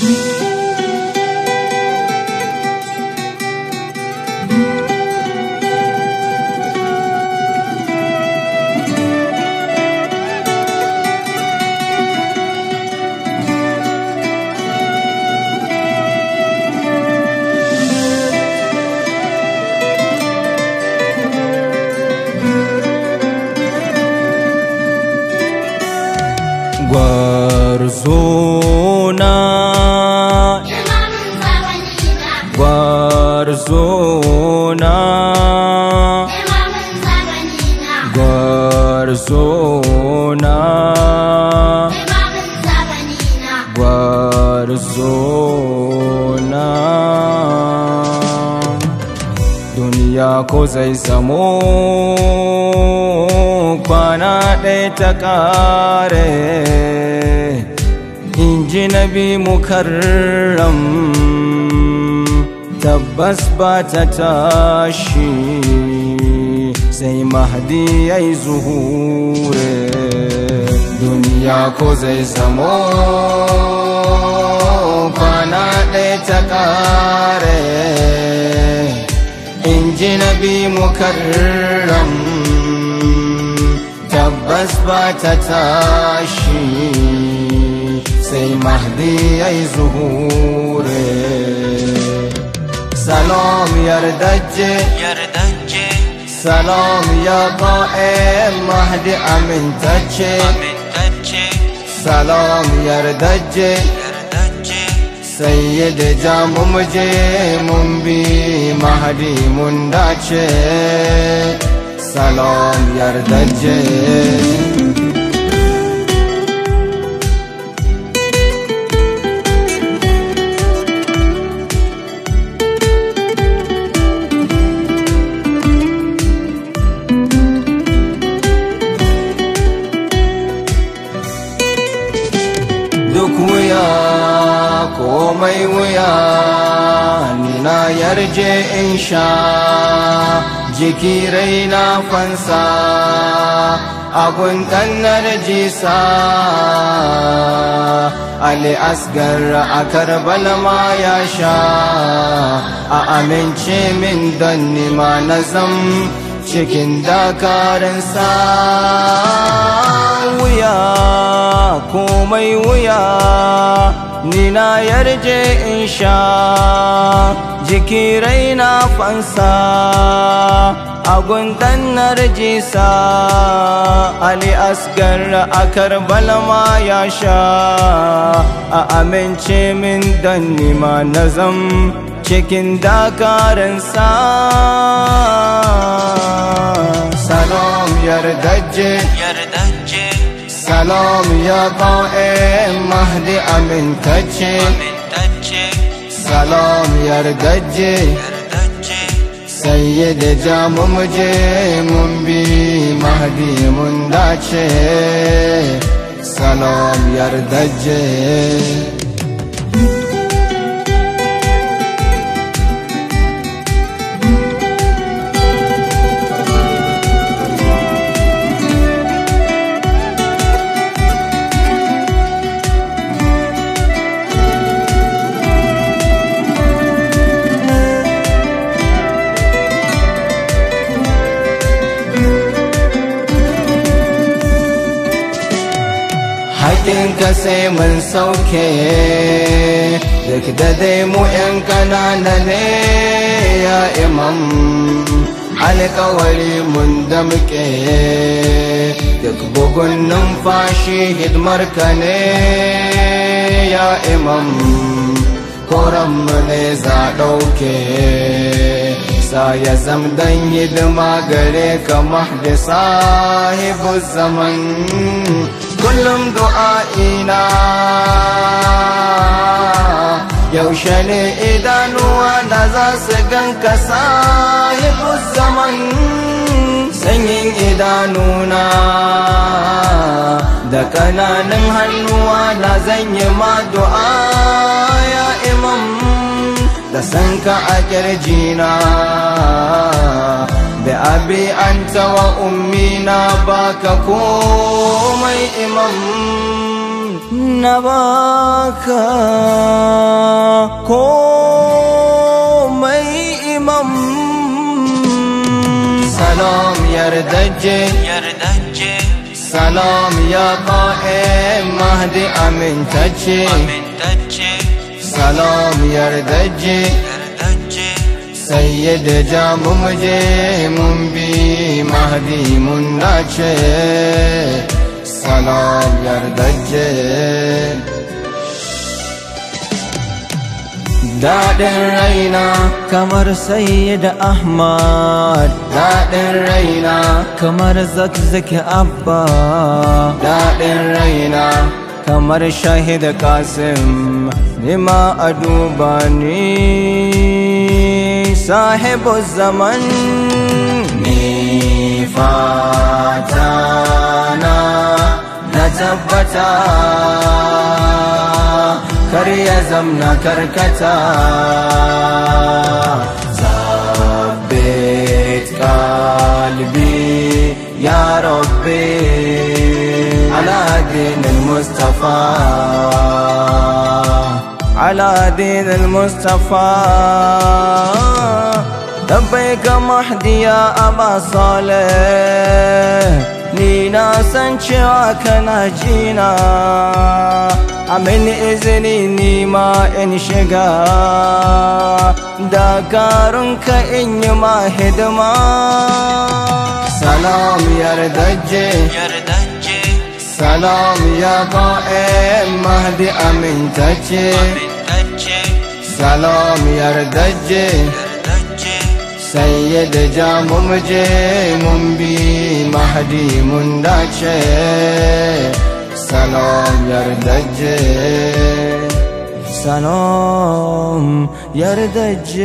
Thank you. gwarzona gwarzona gwarzona gwarzona Dunia koza isamu samo kwana ɗaya ta ƙare in nabi mukarram tabbas ba ta tashi sai mahdi ya zuhure duniya ko zai zamo kwana ɗaya ta nabi mukarram أثبت تعشی سی مهدی ای ظهوره سلام یردج سلام یا قائم مهدی امین تچه سلام یردج سید جام مجه منبی مهدی مندچه سلام یردجه duk wuya komai wuya ni na yarje in sha jiki raina fansa agun kannar jisa ali asgar a karbal ma ya sha a amince min don nima na zan cikin dakarinsa wuya komai wuya na yarje in sha jiki raina fansa a gundan narjisa Ali asgar a balama ya sha a amince min dan ma nazam cikin dakarinsa salam yardaje سلام یا قائم مهدی امین تچه سلام یا ردجه سید جام مجه منبی مهدی منداچه سلام یار ردجه sai mun sauke duk da dai mu 'yan kanana ne ya imam alƙawari mun damƙe duk bugun numfashi hidmar ka ne ya imam mu ne za ɗauke sa ya dan hidima gare ka mahdi sahibu zaman kullum du'a'ina yaushe ne idanuwa da za su ganka sahibu zaman sanyin idanuna da kananan hannuwa da zan yi ma du'a ya imam da sanka a kirjina بأبي أنت وأمي نباك كومي إمام نباك كومي إمام سلام يا ردجي سلام يا قائم مهدي أمين تجي سلام يا ردج يا ردجي da ja mu muje mun bi mahdi mun nace salam yardacce Daɗin raina kamar sayyid Ahmad Daɗin raina kamar zakzaki Abba Daɗin raina kamar shahid Kasim Nima a duba ni صاحب الزمن نفاتنا نتبتا كر يزمنا كركتا زبت قلبي يا ربي على دين المصطفى على دين المصطفى لبيك mahdi ya aba saleh ni na san cewa kana jina amin izini ni ma in shiga dakarunka in yi ma hidima salam yardajje salam ya ta'im mahdi amintacce سلام یردجه سید جامو جه منبی مهدی منداچه سلام یردجه سلام یردجه